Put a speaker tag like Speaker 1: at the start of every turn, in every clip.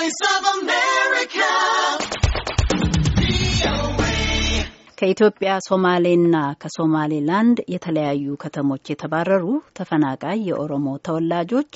Speaker 1: ከኢትዮጵያ ሶማሌ America. ከኢትዮጵያ ሶማሌና ከሶማሌላንድ የተለያዩ ከተሞች የተባረሩ ተፈናቃይ የኦሮሞ ተወላጆች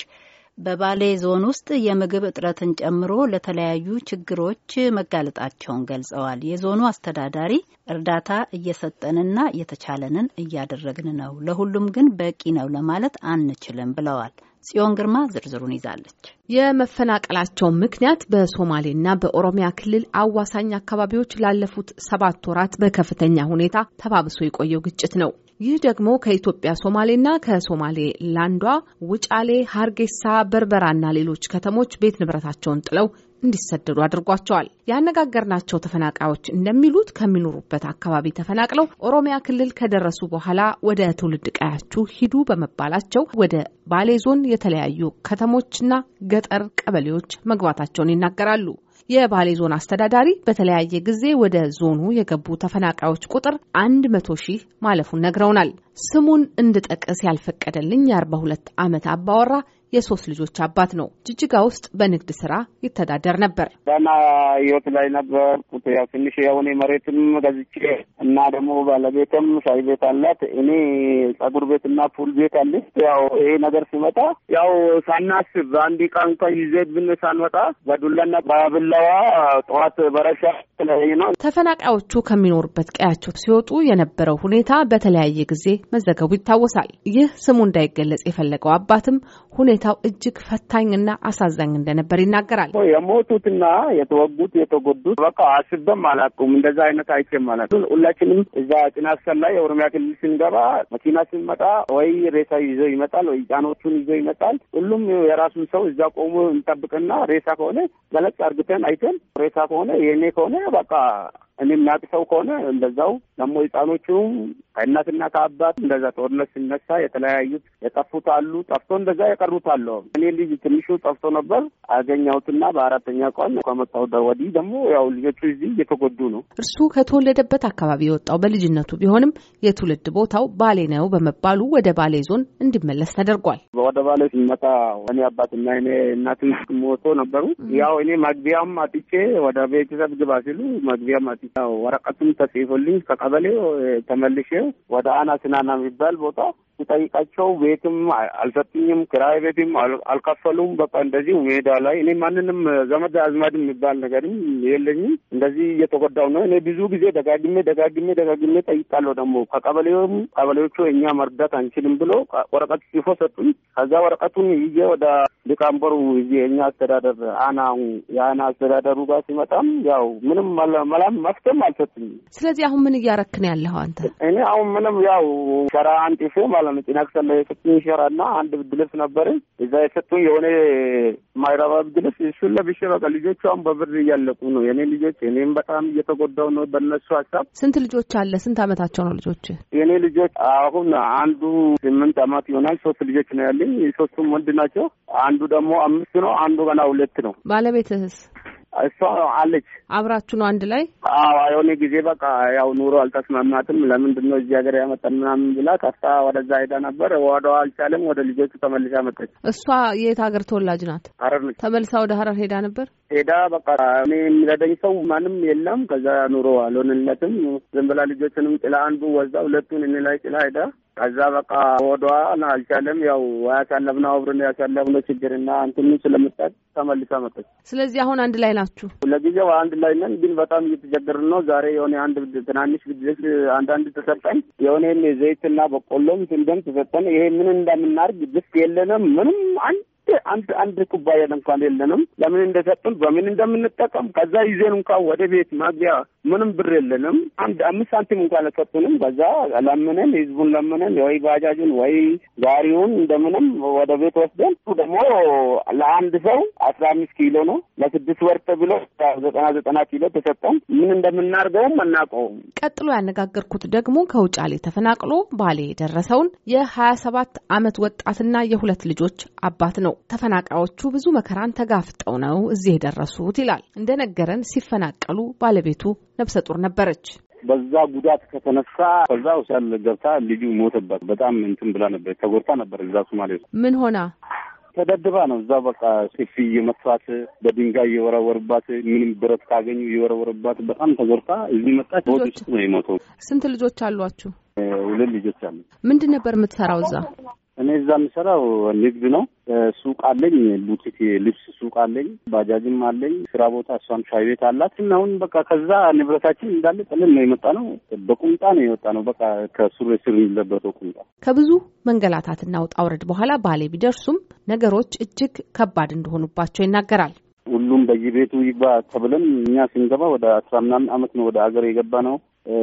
Speaker 1: በባሌ ዞን ውስጥ የምግብ እጥረትን ጨምሮ ለተለያዩ ችግሮች መጋለጣቸውን ገልጸዋል። የዞኑ አስተዳዳሪ እርዳታ እየሰጠንና እየተቻለንን እያደረግን ነው፣ ለሁሉም ግን በቂ ነው ለማለት አንችልም ብለዋል። ጽዮን ግርማ ዝርዝሩን ይዛለች። የመፈናቀላቸው ምክንያት በሶማሌና በኦሮሚያ ክልል አዋሳኝ አካባቢዎች ላለፉት ሰባት ወራት በከፍተኛ ሁኔታ ተባብሶ የቆየው ግጭት ነው። ይህ ደግሞ ከኢትዮጵያ ሶማሌና ከሶማሌ ላንዷ ውጫሌ፣ ሀርጌሳ፣ በርበራና ሌሎች ከተሞች ቤት ንብረታቸውን ጥለው እንዲሰደዱ አድርጓቸዋል። ያነጋገርናቸው ተፈናቃዮች እንደሚሉት ከሚኖሩበት አካባቢ ተፈናቅለው ኦሮሚያ ክልል ከደረሱ በኋላ ወደ ትውልድ ቀያችሁ ሂዱ በመባላቸው ወደ ባሌ ዞን የተለያዩ ከተሞችና ገጠር ቀበሌዎች መግባታቸውን ይናገራሉ። የባሌ ዞን አስተዳዳሪ በተለያየ ጊዜ ወደ ዞኑ የገቡ ተፈናቃዮች ቁጥር አንድ መቶ ሺህ ማለፉን ነግረውናል። ስሙን እንድጠቅስ ያልፈቀደልኝ የአርባ ሁለት ዓመት አባወራ የሶስት ልጆች አባት ነው። ጅጅጋ ውስጥ በንግድ ስራ ይተዳደር ነበር።
Speaker 2: ደህና ህይወት ላይ ነበርኩ። ያው ትንሽ የሆነ መሬትም ገዝቼ እና ደግሞ ባለቤትም ሻይ ቤት አላት። እኔ ጸጉር ቤት እና ፑል ቤት አለ። ያው ይሄ ነገር ሲመጣ ያው ሳናስብ አንድ ዕቃ እንኳ ብን ሳንመጣ በዱላና በብላዋ ጠዋት በረሻ ተለያዩ ነው።
Speaker 1: ተፈናቃዮቹ ከሚኖሩበት ቀያቸው ሲወጡ የነበረው ሁኔታ በተለያየ ጊዜ መዘገቡ ይታወሳል። ይህ ስሙ እንዳይገለጽ የፈለገው አባትም ሁኔታ ሁኔታው እጅግ ፈታኝና አሳዛኝ እንደነበር ይናገራል።
Speaker 2: የሞቱትና የተወጉት የተጎዱት በቃ አስበም አላቁም እንደዛ አይነት አይቼም ማለት ሁላችንም እዛ ጭናት ላይ የኦሮሚያ ክልል ስንገባ መኪና ስንመጣ ወይ ሬሳ ይዞ ይመጣል ወይ ጫኖቹን ይዞ ይመጣል። ሁሉም የራሱን ሰው እዛ ቆሞ እንጠብቅና ሬሳ ከሆነ ገለጽ አርግተን አይተን ሬሳ ከሆነ የእኔ ከሆነ በቃ እኔ የሚያውቅ ሰው ከሆነ እንደዛው ደግሞ ህጻኖቹም ከእናትና ከአባት እንደዛ ጦርነት ሲነሳ የተለያዩት የጠፉት አሉ፣ ጠፍቶ እንደዛ የቀሩት አለ። እኔ ልጅ ትንሹ ጠፍቶ ነበር አገኘሁትና በአራተኛ ቀን ከመጣሁ ወዲህ ደግሞ ያው ልጆቹ እዚህ እየተጎዱ ነው።
Speaker 1: እርሱ ከተወለደበት አካባቢ የወጣው በልጅነቱ ቢሆንም የትውልድ ቦታው ባሌ ነው በመባሉ ወደ ባሌ ዞን እንዲመለስ ተደርጓል።
Speaker 2: ወደ ባሌ ሲመጣ እኔ አባትና እኔ እናትና ሞቶ ነበሩ። ያው እኔ መግቢያም አጥቼ ወደ ቤተሰብ ግባ ሲሉ መግቢያም አጥቼ ወረቀቱም ተጽፎልኝ ከቀበሌ ተመልሼ ወደ አናሲናና የሚባል ቦታ ስጠይቃቸው ቤትም አልሰጥኝም፣ ክራይ ቤትም አልከፈሉም። በቃ እንደዚህ ሜዳ ላይ እኔ ማንንም ዘመድ አዝማድ የሚባል ነገርም የለኝም። እንደዚህ እየተጎዳው ነው። እኔ ብዙ ጊዜ ደጋግሜ ደጋግሜ ደጋግሜ ጠይቃለሁ። ደግሞ ከቀበሌውም ቀበሌዎቹ እኛ መርዳት አንችልም ብሎ ወረቀት ጽፎ ሰጡኝ። ከዛ ወረቀቱን ይዤ ወደ ሊቀመንበሩ ይዤ የእኛ አስተዳደር አና የአና አስተዳደሩ ጋር ሲመጣም ያው ምንም መላም መፍትሄም አልሰጡኝም።
Speaker 1: ስለዚህ አሁን ምን እያረክን ያለው አንተ?
Speaker 2: እኔ አሁን ምንም ያው ሸራ አንጥፌ ማለት ነው። ጭናክሰል ላይ የሰጡኝ ሸራ እና አንድ ብርድ ልብስ ነበረኝ። እዛ የሰጡኝ የሆነ ማይረባ ብርድ ልብስ እሱን ለብሼ በቃ ልጆቹ አሁን በብር እያለቁ ነው የኔ ልጆች። እኔም በጣም እየተጎዳው ነው በነሱ ሀሳብ። ስንት ልጆች
Speaker 1: አለ? ስንት አመታቸው ነው ልጆች?
Speaker 2: የኔ ልጆች አሁን አንዱ ስምንት አመት ይሆናል። ሶስት ልጆች ነው ያለኝ። ሶስቱም ወንድ ናቸው። አንዱ ደግሞ አምስት ነው። አንዱ ገና ሁለት ነው። ባለቤትህስ? እሷ አለች አብራችሁ ነው አንድ ላይ። አዎ የሆነ ጊዜ በቃ ያው ኑሮ አልተስማማትም። ለምንድን ነው እዚህ ሀገር ያመጣን ምናምን ብላ ከፍታ ወደዛ ሄዳ ነበር። ወደ አልቻለም። ወደ ልጆቹ ተመልሳ መጣች።
Speaker 1: እሷ የት ሀገር ተወላጅ ናት? ሀረር ነች። ተመልሳ ወደ ሀረር ሄዳ
Speaker 2: ነበር። ሄዳ በቃ እኔ የሚረዳኝ ሰው ማንም የለም። ከዛ ኑሮ አልሆንለትም። ዝም ብላ ልጆችንም ጥላ አንዱ ወዛ ሁለቱን እኔ ላይ ጥላ ሄዳ ከዛ በቃ ወደዋን አልቻለም። ያው ያሳለፍነው አብረን ያሳለፍነው ችግርና አንትምን ስለምጣት ተመልሳ መጠች።
Speaker 1: ስለዚህ አሁን አንድ ላይ ናችሁ?
Speaker 2: ለጊዜው አንድ ላይ ነን፣ ግን በጣም እየተቸገርን ነው። ዛሬ የሆነ አንድ ትናንሽ ግድት አንዳንድ ተሰጠን፣ የሆነ ዘይትና በቆሎም ትንደም ተሰጠን። ይሄ ምን እንደምናርግ ግስ የለንም ምንም አን አንድ አንድ ኩባያ እንኳን የለንም። ለምን እንደሰጡን በምን እንደምንጠቀም ከዛ ይዜን እንኳን ወደ ቤት ማግቢያ ምንም ብር የለንም። አንድ አምስት ሳንቲም እንኳን አልሰጡንም። በዛ ለምንን ህዝቡን ለምንን ወይ ባጃጁን ወይ ጋሪውን እንደምንም ወደ ቤት ወስደን ደግሞ ለአንድ ሰው አስራ አምስት ኪሎ ነው ለስድስት ወር ተብሎ ዘጠና ዘጠና ኪሎ ተሰጠን። ምን እንደምናርገውም አናውቀውም።
Speaker 1: ቀጥሎ ያነጋገርኩት ደግሞ ከውጫሌ ተፈናቅሎ ባሌ የደረሰውን የሀያ ሰባት አመት ወጣትና የሁለት ልጆች አባት ነው። ተፈናቃዮቹ ብዙ መከራን ተጋፍጠው ነው እዚህ የደረሱት ይላል። እንደነገረን ሲፈናቀሉ ባለቤቱ ነብሰ ጡር ነበረች።
Speaker 2: በዛ ጉዳት ከተነሳ ከዛ ውሳል ገብታ ልጁ ሞተባት። በጣም እንትን ብላ ነበር፣ ተጎድታ ነበር። እዛ ሱማሌ ውስጥ ምን ሆና ተደድባ ነው። እዛ በቃ ሴፊ የመታት በድንጋይ የወረወርባት፣ ምንም ብረት ካገኙ የወረወርባት። በጣም ተጎድታ እዚህ መጣች። ሆድ ውስጥ ነው የሞተው።
Speaker 1: ስንት ልጆች አሏችሁ?
Speaker 2: ሁለት ልጆች አሉ።
Speaker 1: ምንድን ነበር የምትሰራው እዛ?
Speaker 2: እኔ እዛ የምሰራው ንግድ ነው። ሱቅ አለኝ፣ ቡቲክ ልብስ ሱቅ አለኝ፣ ባጃጅም አለኝ፣ ስራ ቦታ እሷም ሻይ ቤት አላት። እና አሁን በቃ ከዛ ንብረታችን እንዳለ ጥልን ነው የመጣ ነው። በቁምጣ ነው የወጣ ነው። በቃ ከሱር ስር የሚለበተው ቁምጣ።
Speaker 1: ከብዙ መንገላታትና ውጣ ውረድ በኋላ ባሌ ቢደርሱም ነገሮች እጅግ ከባድ እንደሆኑባቸው ይናገራል።
Speaker 2: ሁሉም በየቤቱ ይግባ ተብለን እኛ ስንገባ ወደ አስራ ምናምን አመት ነው ወደ አገር የገባ ነው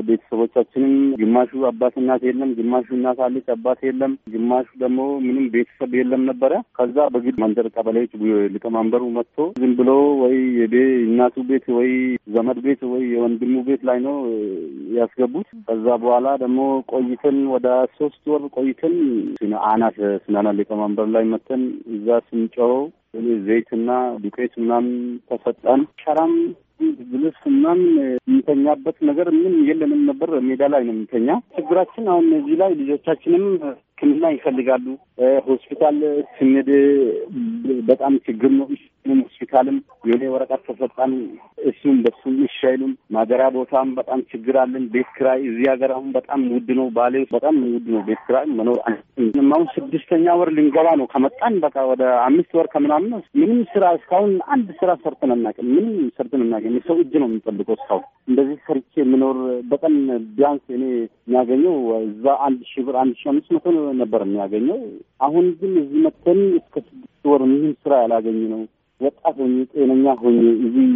Speaker 2: ቤተሰቦቻችንም ግማሹ አባት እናት የለም፣ ግማሹ እናት አለች አባት የለም፣ ግማሹ ደግሞ ምንም ቤተሰብ የለም ነበረ። ከዛ በግድ መንደር ቀበሌዎች ሊቀመንበሩ መጥቶ ዝም ብሎ ወይ የቤ እናቱ ቤት ወይ ዘመድ ቤት ወይ የወንድሙ ቤት ላይ ነው ያስገቡት። ከዛ በኋላ ደግሞ ቆይተን ወደ ሶስት ወር ቆይተን አናት ስናና ሊቀመንበር ላይ መተን እዛ ስንጨው ዘይትና ዱቄት ምናምን ተሰጠን። ሸራም ልብስ ምናምን የምንተኛበት ነገር ምን የለንም ነበር። ሜዳ ላይ ነው የምንተኛ። ችግራችን አሁን እዚህ ላይ ልጆቻችንም ሕክምና ይፈልጋሉ። ሆስፒታል ስንሄድ በጣም ችግር ነው። ምን ሆስፒታልም የኔ ወረቀት ተሰጣን። እሱም በሱም ይሻይሉም ማገሪያ ቦታም በጣም ችግር አለን። ቤት ክራይ እዚህ ሀገር አሁን በጣም ውድ ነው። ባሌ በጣም ውድ ነው። ቤት ክራይ መኖር አሁን ስድስተኛ ወር ልንገባ ነው ከመጣን በቃ ወደ አምስት ወር ከምናምን ምንም ስራ እስካሁን አንድ ስራ ሰርተን አናውቅም። ምንም ሰርተን አናውቅም። የሰው እጅ ነው የምንጠብቀው እስካሁን እንደዚህ ሰርቼ የምኖር በቀን ቢያንስ እኔ የሚያገኘው እዛ አንድ ሺ ብር አንድ ሺ አምስት መቶ ነበር የሚያገኘው። አሁን ግን እዚህ መተን እስከ ስድስት ወር ምንም ስራ ያላገኝ ነው ወጣት ሆኜ ጤነኛ ሆኜ እዚህ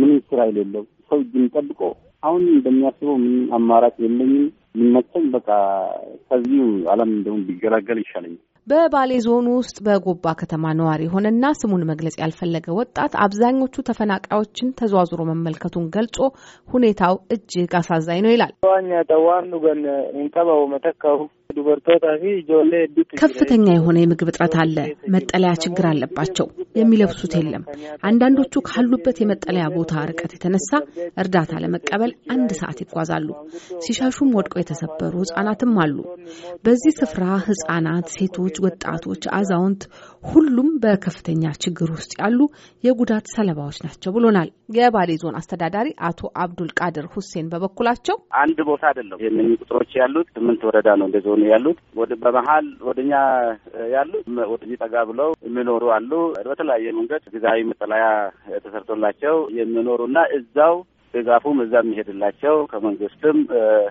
Speaker 2: ምንም ስራ የሌለው ሰው እጅ የሚጠብቆ አሁን እንደሚያስበው ምን አማራጭ የለኝም። ይመቸኝ በቃ ከዚሁ ዓለም እንደውም ቢገላገል ይሻለኛል።
Speaker 1: በባሌ ዞን ውስጥ በጎባ ከተማ ነዋሪ የሆነና ስሙን መግለጽ ያልፈለገ ወጣት አብዛኞቹ ተፈናቃዮችን ተዘዋዝሮ መመልከቱን ገልጾ ሁኔታው እጅግ አሳዛኝ ነው ይላል። ከፍተኛ የሆነ የምግብ እጥረት አለ። መጠለያ ችግር አለባቸው። የሚለብሱት የለም። አንዳንዶቹ ካሉበት የመጠለያ ቦታ ርቀት የተነሳ እርዳታ ለመቀበል አንድ ሰዓት ይጓዛሉ። ሲሻሹም ወድቀው የተሰበሩ ህጻናትም አሉ። በዚህ ስፍራ ህጻናት፣ ሴቶች፣ ወጣቶች፣ አዛውንት ሁሉም በከፍተኛ ችግር ውስጥ ያሉ የጉዳት ሰለባዎች ናቸው ብሎናል። የባሌ ዞን አስተዳዳሪ አቶ አብዱል ቃድር ሁሴን በበኩላቸው
Speaker 2: አንድ ቦታ አይደለም የምን ቁጥሮች ያሉት ስምንት ወረዳ ነው እንደ ዞኑ ያሉት በመሀል ወደኛ ያሉት ወደዚህ ጠጋ ብለው የሚኖሩ አሉ በተለያየ መንገድ ጊዜያዊ መጠለያ ተሰርቶላቸው የሚኖሩና እዛው ድጋፉም እዛ የሚሄድላቸው ከመንግስትም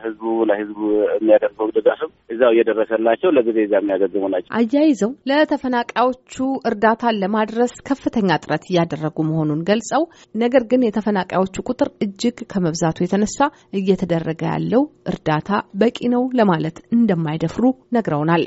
Speaker 2: ህዝቡ ለህዝቡ የሚያደርገው ድጋፍም እዛው እየደረሰላቸው ለጊዜ እዛ የሚያገግሙ ናቸው።
Speaker 1: አያይዘው ለተፈናቃዮቹ እርዳታን ለማድረስ ከፍተኛ ጥረት እያደረጉ መሆኑን ገልጸው ነገር ግን የተፈናቃዮቹ ቁጥር እጅግ ከመብዛቱ የተነሳ እየተደረገ ያለው እርዳታ በቂ ነው ለማለት እንደማይደፍሩ ነግረውናል።